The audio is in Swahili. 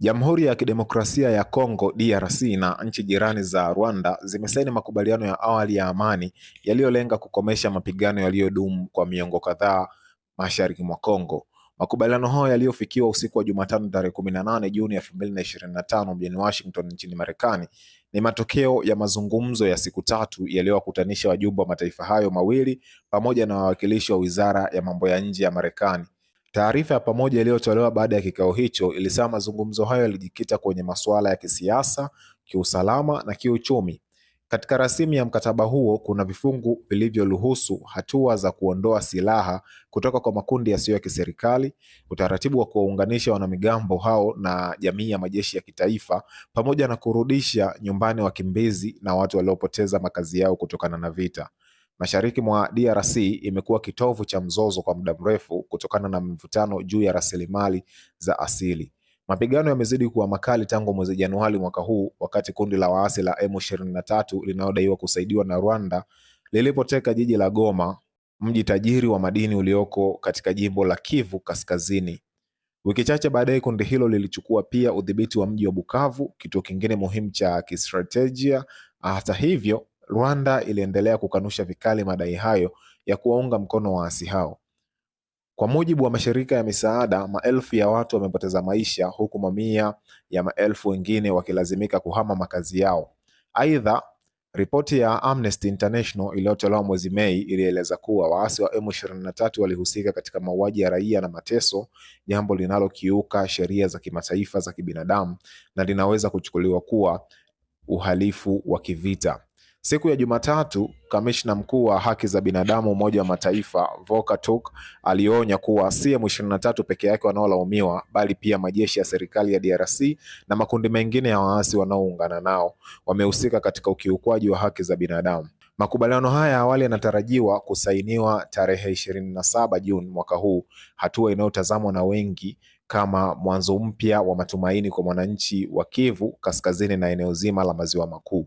Jamhuri ya Kidemokrasia ya Kongo DRC na nchi jirani za Rwanda zimesaini makubaliano ya awali ya amani yaliyolenga kukomesha mapigano yaliyodumu kwa miongo kadhaa mashariki mwa Kongo. Makubaliano hayo yaliyofikiwa usiku wa Jumatano tarehe 18 Juni 2025 mjini Washington nchini Marekani ni matokeo ya mazungumzo ya siku tatu yaliyowakutanisha wajumbe wa mataifa hayo mawili pamoja na wawakilishi wa Wizara ya Mambo ya Nje ya Marekani Taarifa ya pamoja iliyotolewa baada ya kikao hicho ilisema mazungumzo hayo yalijikita kwenye masuala ya kisiasa, kiusalama na kiuchumi. Katika rasimu ya mkataba huo kuna vifungu vilivyoruhusu hatua za kuondoa silaha kutoka kwa makundi yasiyo ya kiserikali, utaratibu wa kuwaunganisha wanamigambo hao na jamii ya majeshi ya kitaifa, pamoja na kurudisha nyumbani wakimbizi na watu waliopoteza makazi yao kutokana na vita. Mashariki mwa DRC imekuwa kitovu cha mzozo kwa muda mrefu kutokana na mvutano juu ya rasilimali za asili. Mapigano yamezidi kuwa makali tangu mwezi Januari mwaka huu, wakati kundi la waasi la M23 linalodaiwa kusaidiwa na Rwanda lilipoteka jiji la Goma, mji tajiri wa madini ulioko katika jimbo la Kivu Kaskazini. Wiki chache baadaye, kundi hilo lilichukua pia udhibiti wa mji wa Bukavu, kituo kingine muhimu cha kistratejia. Hata hivyo, Rwanda iliendelea kukanusha vikali madai hayo ya kuwaunga mkono waasi hao. Kwa mujibu wa mashirika ya misaada, maelfu ya watu wamepoteza maisha huku mamia ya maelfu wengine wakilazimika kuhama makazi yao. Aidha, ripoti ya Amnesty International iliyotolewa mwezi Mei ilieleza kuwa waasi wa M23 walihusika katika mauaji ya raia na mateso, jambo linalokiuka sheria za kimataifa za kibinadamu na linaweza kuchukuliwa kuwa uhalifu wa kivita. Siku ya Jumatatu, kamishna mkuu wa haki za binadamu Umoja wa Mataifa Volker Turk alionya kuwa si M23 peke yake wanaolaumiwa, bali pia majeshi ya serikali ya DRC na makundi mengine ya waasi wanaoungana nao wamehusika katika ukiukwaji wa haki za binadamu. Makubaliano haya ya awali yanatarajiwa kusainiwa tarehe ishirini na saba Juni mwaka huu, hatua inayotazamwa na wengi kama mwanzo mpya wa matumaini kwa mwananchi wa Kivu Kaskazini na eneo zima la Maziwa Makuu.